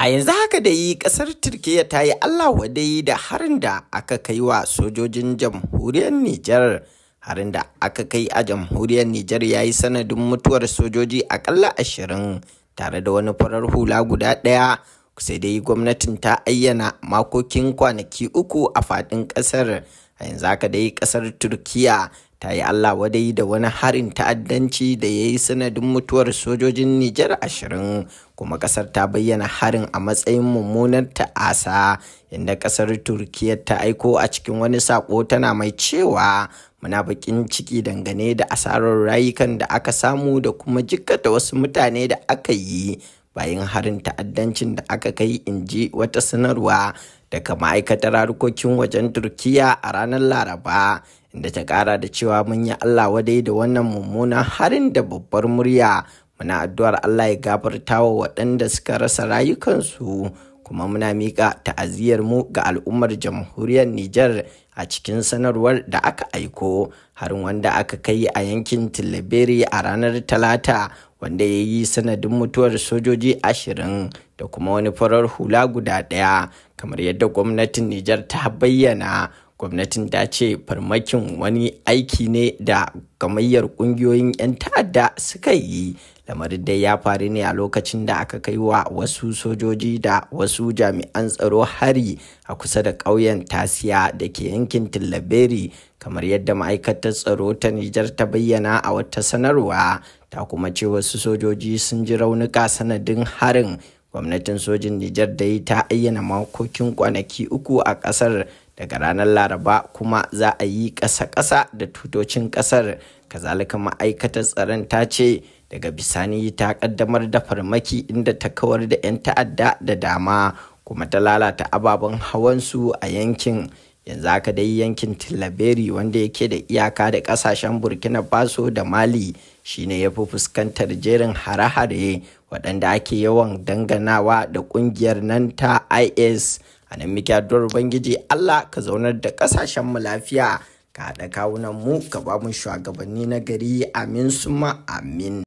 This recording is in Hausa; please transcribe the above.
A yanzu haka da yi kasar Turkiyya ta yi Allah wadai da harin da aka kai wa sojojin jamhuriyar Nijar. Harin da aka kai a jamhuriyar Nijar ya yi sanadin mutuwar sojoji akalla ashirin tare da wani farar hula guda ɗaya. Sai dai gwamnatin ta ayyana makokin kwanaki uku a faɗin ƙasar. A yanzu haka dai ƙasar Turkiyya ta yi Allah wadai da wani harin ta'addanci da ya yi sanadin mutuwar sojojin Nijar ashirin kuma ƙasar ta bayyana harin a matsayin mummunar ta'asa inda ƙasar Turkiyya ta aiko a cikin wani sako tana mai cewa muna baƙin ciki dangane da asarar rayukan da aka samu da kuma jikkata wasu mutane da aka yi bayan harin ta'addancin da aka kai inji wata sanarwa daga ma'aikatar harkokin wajen turkiya a ranar laraba inda ta kara da cewa mun yi allah wadai da wannan mummunan harin da babbar murya muna addu'ar allah ya gafarta wa waɗanda suka rasa rayukansu kuma muna miƙa ta'aziyar mu ga al'ummar jamhuriyar Nijar a cikin sanarwar da aka aiko harin wanda aka kai a yankin Tilaberi a ranar Talata wanda ya yi sanadin mutuwar sojoji ashirin da kuma wani farar hula guda ɗaya kamar yadda gwamnatin Nijar ta bayyana gwamnatin ta ce farmakin wani aiki ne da gamayyar kungiyoyin 'yan ta'adda suka yi lamarin dai ya faru ne a lokacin da aka kai wa wasu sojoji da wasu jami'an tsaro hari a kusa da ƙauyen tasiya da ke yankin tillaberi kamar yadda ma'aikatar tsaro ta nijar ta bayyana a wata sanarwa ta kuma ce wasu sojoji sun ji raunuka sanadin harin gwamnatin sojin nijar da ta ayyana makokin kwanaki uku a ƙasar daga ranar laraba kuma za a yi ƙasa-ƙasa da tutocin ƙasar kazalika ma'aikatar tsaron ta ce daga bisani ta ƙaddamar da farmaki inda ta kawar da 'yan ta'adda da dama kuma ta lalata ababen hawansu a yankin yanzu haka dai yankin tilaberi wanda yake da iyaka da kasashen burkina faso da mali shine ya fi fuskantar jerin hare-hare waɗanda ake yawan danganawa da ƙungiyar nan ta is a nan muke addu'ar ubangiji allah ka zaunar da mu lafiya ka haɗa kawunan mu ka ba mu shugabanni na gari amin suma amin